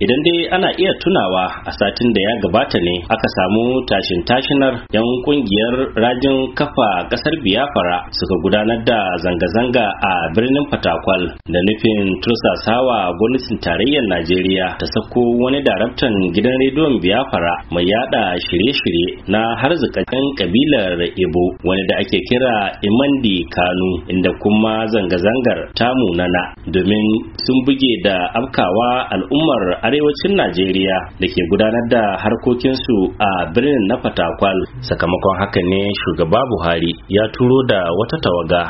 idan dai ana iya tunawa a satin da ya gabata ne aka samu tashin tashinar yan kungiyar rajin kafa kasar biyafara suka gudanar da zanga-zanga a birnin fatakwal da nufin tursasawa gwamnatin tarayyar najeriya ta sako wani daraktan gidan rediyon biyafara mai yada shirye-shirye na harzikakan kabilar ibo wani da ake kira imandi kanu inda kuma zanga-zangar ta munana domin sun buge da afkawa al'ummar arewacin Najeriya da ke gudanar da harkokinsu a birnin na Fatakwal. Sakamakon haka ne shugaba Buhari ya turo da wata tawaga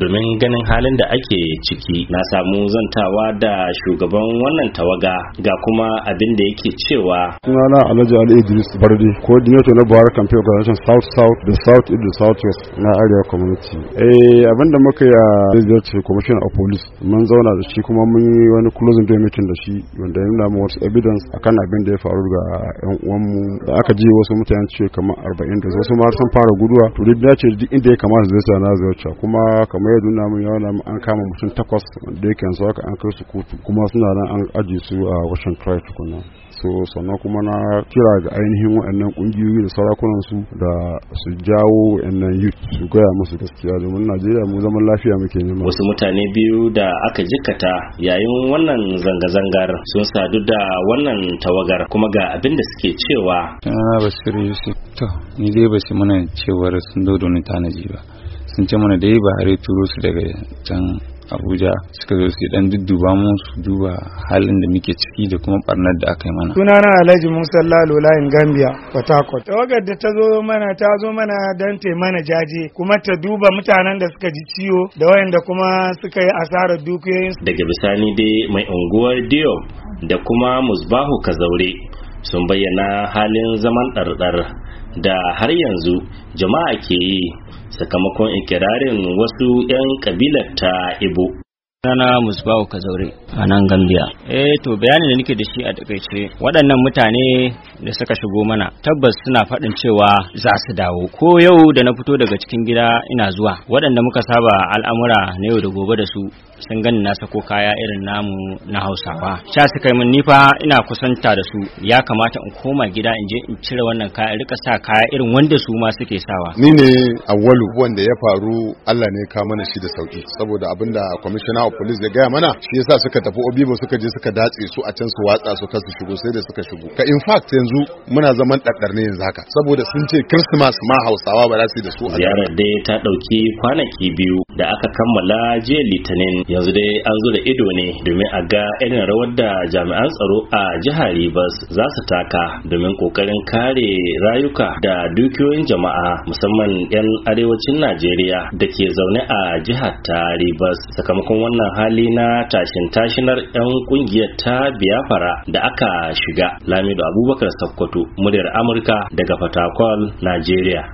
domin ganin halin da ake ciki na samu zantawa da shugaban wannan tawaga ga kuma abin da yake cewa sunana alhaji ali idris bardi coordinator na buhari campaign organization south south the south the south west na area community eh abin da muka ya ziyarci commissioner of police mun zauna da shi kuma mun yi wani closing day meeting da shi wanda ya nuna wasu evidence akan abin da ya faru ga yan uwanmu da aka ji wasu mutane ce kamar arba'in da wasu ma sun fara guduwa to duk ce duk inda ya kamata zai na ziyarci kuma kamar kamar yadda nuna mun yawan an kama mutum takwas da yake yanzu haka an kai su kotu kuma suna nan an ajiye su a washin christ tukuna so sannan kuma na kira ga ainihin waɗannan ƙungiyoyi da sarakunan su da su jawo waɗannan youth su gaya musu gaskiya domin Najeriya mu zaman lafiya muke nema wasu mutane biyu da aka jikata yayin wannan zanga-zangar sun sadu da wannan tawagar kuma ga abin da suke cewa Yusuf ni dai ba su muna cewar sun dodo ni tanaji ba sun ce mana da yi ba bahari turo su daga can abuja suka zo su dan dudduba mu su duba halin da muke ciki da kuma barnar da aka yi mana Suna na alhaji musa lalo layin gambia port harcourt tawagar da ta zo mana ta zo mana dan ta mana jaje kuma ta duba mutanen da suka ji ciwo da wayanda kuma suka yi asarar dukiyoyin daga bisani dai mai unguwar diyo da kuma musbahu kazaure sun bayyana halin zaman ɗarɗar da har yanzu jama'a ke yi sakamakon ikirarin wasu 'yan kabilar ta ibo Sana Musbahu Kazaure a nan Gambia. Eh to bayanin da nake da shi a takaice waɗannan mutane da suka shigo mana tabbas suna faɗin cewa za su dawo. Ko yau da na fito daga cikin gida ina zuwa waɗanda muka saba al'amura na yau da gobe da su sun gani na sako kaya irin namu na Hausawa. Sha su kai min nifa ina kusanta da su ya kamata in koma gida in je in cire wannan kaya in rika sa kaya irin wanda su ma suke sawa. Ni ne awwalu wanda ya faru Allah ne ka mana shi da sauki saboda abinda kwamishina police ya gaya mana shi yasa suka tafi obibo suka je suka datse su a can su watsa su kasu shigo sai da suka shigo ka in fact yanzu muna zaman ɗaɗɗar ne yanzu haka saboda sun ce christmas ma hausawa ba za su yi da su a ziyarar dai ta ɗauki kwanaki biyu da aka kammala jiya litinin yanzu dai an zo da ido ne domin a ga irin rawar da jami'an tsaro a jihar Rivers za su taka domin kokarin kare rayuka da dukiyoyin jama'a musamman 'yan arewacin Najeriya da ke zaune a jihar ta Rivers sakamakon wannan wannan hali na tashin tashinar 'yan kungiyar ta biyafara da aka shiga lamido abubakar sakkwato muryar amurka daga fatakwal najeriya